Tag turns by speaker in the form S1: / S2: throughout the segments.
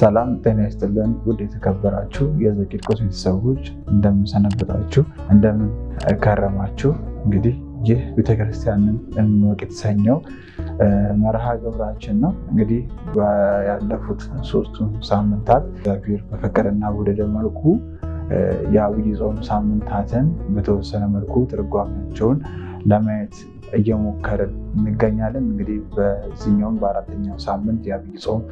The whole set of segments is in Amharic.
S1: ሰላም ጤና ይስጥልን ውድ የተከበራችሁ የዘቂድቆስ ቤተሰቦች እንደምንሰነበታችሁ እንደምን ከረማችሁ። እንግዲህ ይህ ቤተክርስቲያንን እንወቅ የተሰኘው መርሃ ግብራችን ነው። እንግዲህ ያለፉት ሶስቱን ሳምንታት እግዚአብሔር በፈቀደና በወደደ መልኩ የአብይ ጾም ሳምንታትን በተወሰነ መልኩ ትርጓሜያቸውን ለማየት እየሞከርን እንገኛለን። እንግዲህ በዚህኛውም በአራተኛው ሳምንት የአብይ ጾም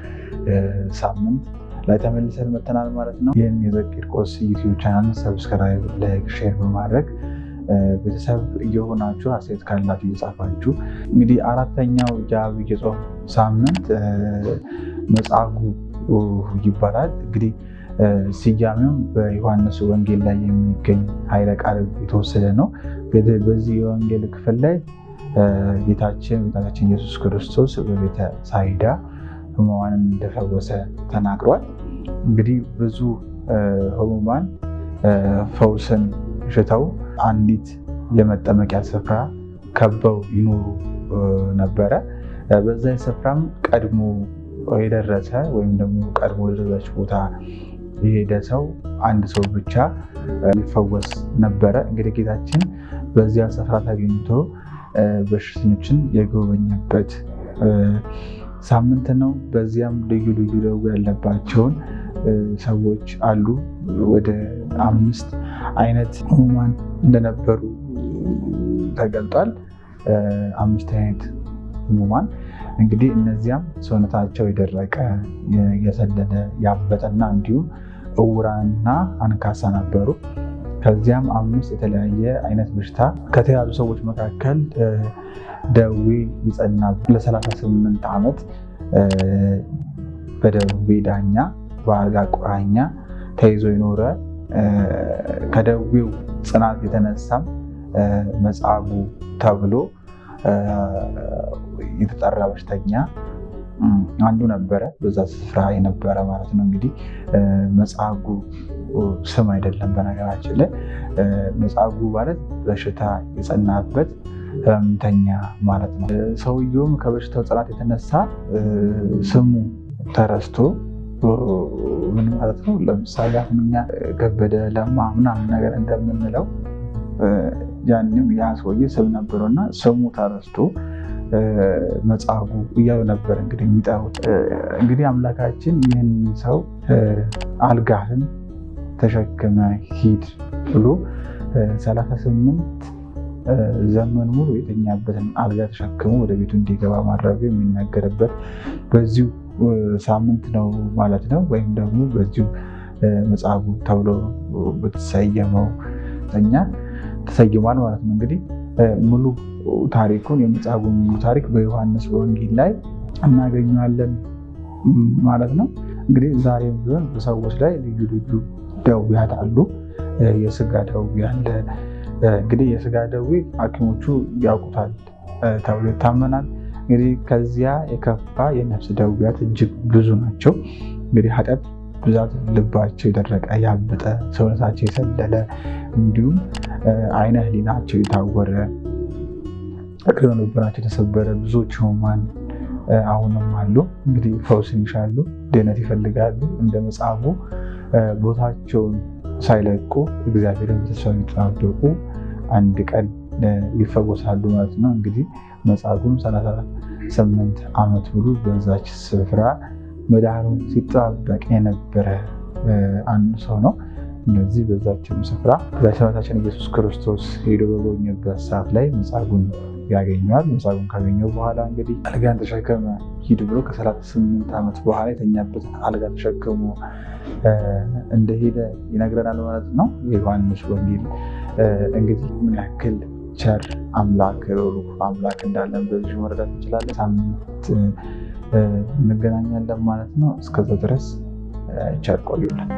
S1: ሳምንት ላይ ተመልሰን መተናል ማለት ነው። ይህን የዘቂርቆስ ዩቲዩብ ቻናል ሰብስክራይብ፣ ላይክ፣ ሼር በማድረግ ቤተሰብ እየሆናችሁ አስተያየት ካላችሁ እየጻፋችሁ እንግዲህ አራተኛው የአብይ ጾም ሳምንት መጻጉዕ ይባላል እንግዲህ ስያሜውም በዮሐንስ ወንጌል ላይ የሚገኝ ኃይለ ቃል የተወሰደ ነው። በዚህ የወንጌል ክፍል ላይ ጌታችን መድኃኒታችን ኢየሱስ ክርስቶስ በቤተ ሳይዳ ህሙማን እንደፈወሰ ተናግሯል። እንግዲህ ብዙ ህሙማን ፈውስን ሽተው አንዲት የመጠመቂያ ስፍራ ከበው ይኖሩ ነበረ። በዛ ስፍራም ቀድሞ የደረሰ ወይም ደግሞ ቀድሞ የደረሰች ቦታ የሄደ ሰው አንድ ሰው ብቻ ይፈወስ ነበረ። እንግዲህ ጌታችን በዚያ ስፍራ ተገኝቶ በሽተኞችን የጎበኘበት ሳምንት ነው። በዚያም ልዩ ልዩ ደዌ ያለባቸውን ሰዎች አሉ። ወደ አምስት አይነት ህሙማን እንደነበሩ ተገልጧል። አምስት አይነት ህሙማን እንግዲህ እነዚያም ሰውነታቸው የደረቀ የሰለለ ያበጠና እንዲሁም እውራንና አንካሳ ነበሩ። ከዚያም አምስት የተለያየ አይነት በሽታ ከተያዙ ሰዎች መካከል ደዌ ይጸና ለ38 ዓመት በደዌ ዳኛ በአልጋ ቁራኛ ተይዞ የኖረ ከደዌው ጽናት የተነሳም መጻጉዕ ተብሎ የተጠራ በሽተኛ አንዱ ነበረ በዛ ስፍራ የነበረ ማለት ነው። እንግዲህ መጻጉ ስም አይደለም። በነገራችን ላይ መጻጉ ማለት በሽታ የጸናበት ህመምተኛ ማለት ነው። ሰውየውም ከበሽታው ጽናት የተነሳ ስሙ ተረስቶ ምን ማለት ነው? ለምሳሌ አሁን እኛ ከበደ ለማ ምናምን ነገር እንደምንለው ያንም ያ ሰውዬ ስም ነበረው እና ስሙ ተረስቶ መጻጉ እያሉ ነበር እንግዲህ የሚጠሩት። እንግዲህ አምላካችን ይህን ሰው አልጋህን ተሸክመ ሂድ ብሎ 38 ዘመን ሙሉ የተኛበትን አልጋ ተሸክሞ ወደ ቤቱ እንዲገባ ማድረጉ የሚነገርበት በዚሁ ሳምንት ነው ማለት ነው። ወይም ደግሞ በዚሁ መጻጉዕ ተብሎ በተሰየመው እኛ ተሰይሟል ማለት ነው እንግዲህ ሙሉ ታሪኩን የመጻጉዕ ታሪክ በዮሐንስ ወንጌል ላይ እናገኘዋለን ማለት ነው። እንግዲህ ዛሬም ቢሆን በሰዎች ላይ ልዩ ልዩ ደዌያት አሉ። የስጋ ደዌ አለ። እንግዲህ የስጋ ደዌ ሐኪሞቹ ያውቁታል ተብሎ ይታመናል። እንግዲህ ከዚያ የከፋ የነፍስ ደዌያት እጅግ ብዙ ናቸው። እንግዲህ ኃጢአት ብዛት ልባቸው የደረቀ ያበጠ፣ ሰውነታቸው የሰለለ እንዲሁም አይነ ህሊናቸው የታወረ የሆነ ልቦናቸው የተሰበረ ብዙዎች ሕሙማን አሁንም አሉ። እንግዲህ ፈውስን ይሻሉ፣ ድህነት ይፈልጋሉ። እንደ መጽሐፉ ቦታቸውን ሳይለቁ እግዚአብሔርን በተስፋ የሚጠባበቁ አንድ ቀን ይፈወሳሉ ማለት ነው። እንግዲህ መጽሐፉም ሰላሳ ስምንት ዓመት ሙሉ በዛች ስፍራ መድኃኒቱን ሲጠባበቅ የነበረ አንድ ሰው ነው። እነዚህ በዛችም ስፍራ ዛች ሰማዕታችን ኢየሱስ ክርስቶስ ሄዶ በጎበኘበት ሰዓት ላይ መጽሐፉን ያገኘዋል። መጻጉዕን ካገኘው በኋላ እንግዲህ አልጋን ተሸከመ ሂድ ብሎ ከ38 ዓመት በኋላ የተኛበትን አልጋ ተሸክሞ እንደሄደ ይነግረናል ማለት ነው። የዮሐንስ ወንጌል እንግዲህ ምን ያክል ቸር አምላክ ሩሩህ አምላክ እንዳለን በዚሁ መረዳት እንችላለን። ሳምንት እንገናኛለን ማለት ነው። እስከዛ ድረስ ቸር ቆዩልን።